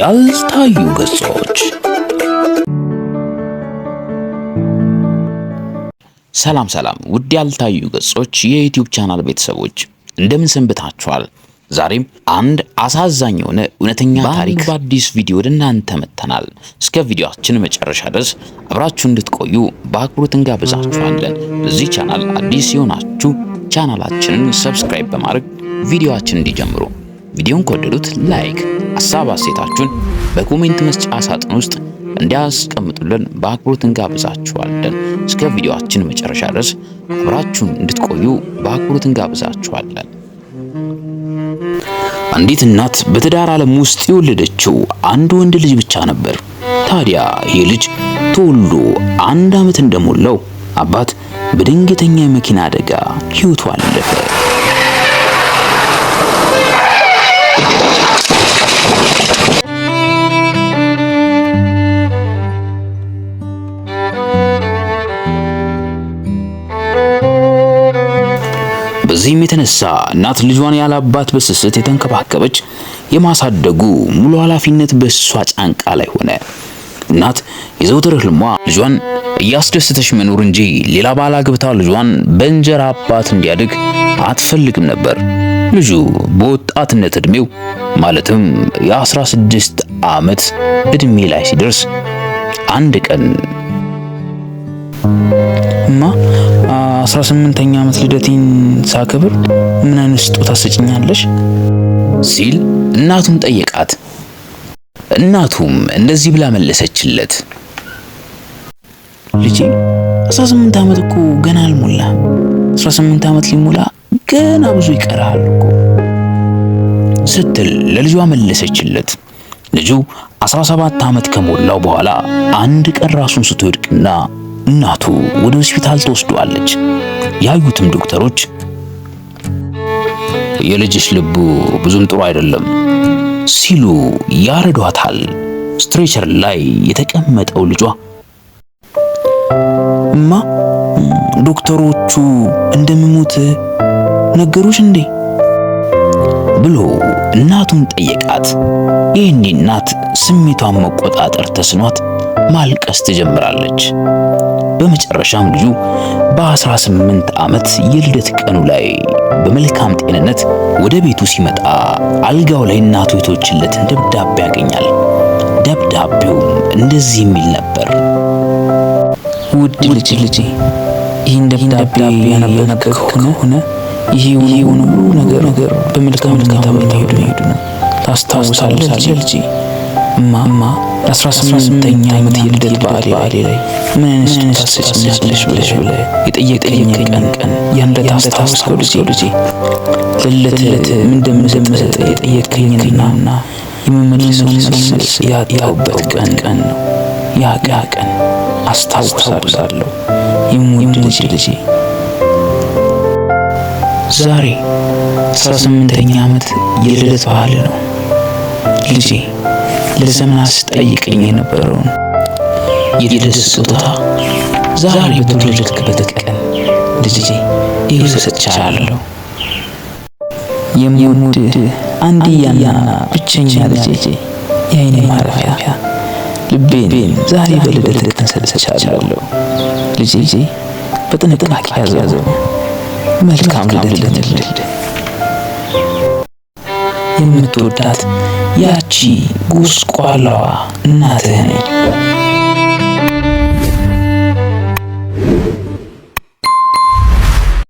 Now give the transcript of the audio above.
ያልታዩ ገጾች። ሰላም ሰላም! ውድ ያልታዩ ገጾች የዩቲዩብ ቻናል ቤተሰቦች እንደምን ሰንብታችኋል? ዛሬም አንድ አሳዛኝ የሆነ እውነተኛ ታሪክ በአዲስ ቪዲዮ ወደ እናንተ መጥተናል። እስከ ቪዲዮአችን መጨረሻ ድረስ አብራችሁ እንድትቆዩ በአክብሮት እንጋብዛችኋለን። በዚህ ቻናል አዲስ የሆናችሁ ቻናላችንን ሰብስክራይብ በማድረግ ቪዲዮአችን እንዲጀምሩ ቪዲዮን ከወደዱት ላይክ፣ ሀሳብ አሴታችሁን በኮሜንት መስጫ ሳጥን ውስጥ እንዲያስቀምጡልን በአክብሮት እንጋብዛችኋለን። እስከ ቪዲዮአችን መጨረሻ ድረስ አብራችሁን እንድትቆዩ በአክብሮት እንጋብዛችኋለን። አንዲት እናት በትዳር ዓለም ውስጥ የወለደችው አንድ ወንድ ልጅ ብቻ ነበር። ታዲያ ይህ ልጅ ተወልዶ አንድ ዓመት እንደሞላው አባት በድንገተኛ የመኪና አደጋ ሕይወቱ አለፈ። በዚህም የተነሳ እናት ልጇን ያለ አባት በስስት የተንከባከበች የማሳደጉ ሙሉ ኃላፊነት በእሷ ጫንቃ ላይ ሆነ። እናት የዘውትር ህልሟ ልጇን እያስደሰተች መኖር እንጂ ሌላ ባል አግብታ ልጇን በእንጀራ አባት እንዲያድግ አትፈልግም ነበር። ልጁ በወጣትነት እድሜው ማለትም የ16 ዓመት እድሜ ላይ ሲደርስ አንድ ቀን እማ አስራ ስምንተኛ ዓመት ልደቴን ሳክብር ምን አይነት ስጦታ ሰጭኛለሽ? ሲል እናቱን ጠየቃት። እናቱም እንደዚህ ብላ መለሰችለት። ልጅ 18 ዓመት እኮ ገና አልሞላ። 18 ዓመት ሊሞላ ገና ብዙ ይቀርሃል እኮ ስትል ለልጇ መለሰችለት። ልጁ 17 ዓመት ከሞላው በኋላ አንድ ቀን ራሱን ስትወድቅና እናቱ ወደ ሆስፒታል ተወስዷለች ያዩትም ዶክተሮች የልጅሽ ልቡ ብዙም ጥሩ አይደለም ሲሉ ያረዷታል። ስትሬቸር ላይ የተቀመጠው ልጇ እማ፣ ዶክተሮቹ እንደምሞት ነገሩሽ እንዴ ብሎ እናቱን ጠየቃት። ይህኔ እናት ስሜቷን መቆጣጠር ተስኗት ማልቀስ ትጀምራለች። በመጨረሻም ልጁ በ18 ዓመት የልደት ቀኑ ላይ በመልካም ጤንነት ወደ ቤቱ ሲመጣ አልጋው ላይ እናቱ የተወችለትን ደብዳቤ ያገኛል። ደብዳቤውም እንደዚህ የሚል ነበር። ውድ ልጅ ልጅ ይህን ደብዳቤ ያነበብከው ከሆነ ይህ ሁሉ ነገር ነገር በመልካም ሁኔታ መሄዱ ነው። ታስታውሳለህ ልጅ እማማ ለ18ኛ ዓመት የልደት በዓሌ ላይ ምን አይነት ታስጭኛለሽ ብለሽ ብለ የጠየቀኝ ቀን ቀን ያንለት አስታውሰው ልጄ ልጄ ለልደት ምን እንደምሰጥ የጠየቀኝና የምመልሰው መልስ ያጣሁበት ቀን ቀን ነው። ያ ያ ቀን አስታውሳለሁ የምወድ ልጄ ልጄ ዛሬ 18ኛ ዓመት የልደት በዓል ነው ልጄ ለዘመናት ስጠይቀኝ የነበረውን የልደት ስጦታ ዛሬ በተወለድክበት ቀን ልጄ ይኸው ሰጥቻለሁ። የምወድህ አንድያና ብቸኛ ልጄ፣ የዓይኔ ማረፊያ፣ ልቤን ዛሬ በልደት ቀን ሰጥቻለሁ። ልጄ በጥንቃቄ ያዘው። መልካም ልደት ይሁንልህ። የምትወዳት ያቺ ጉስቋላዋ እናትህ ነች።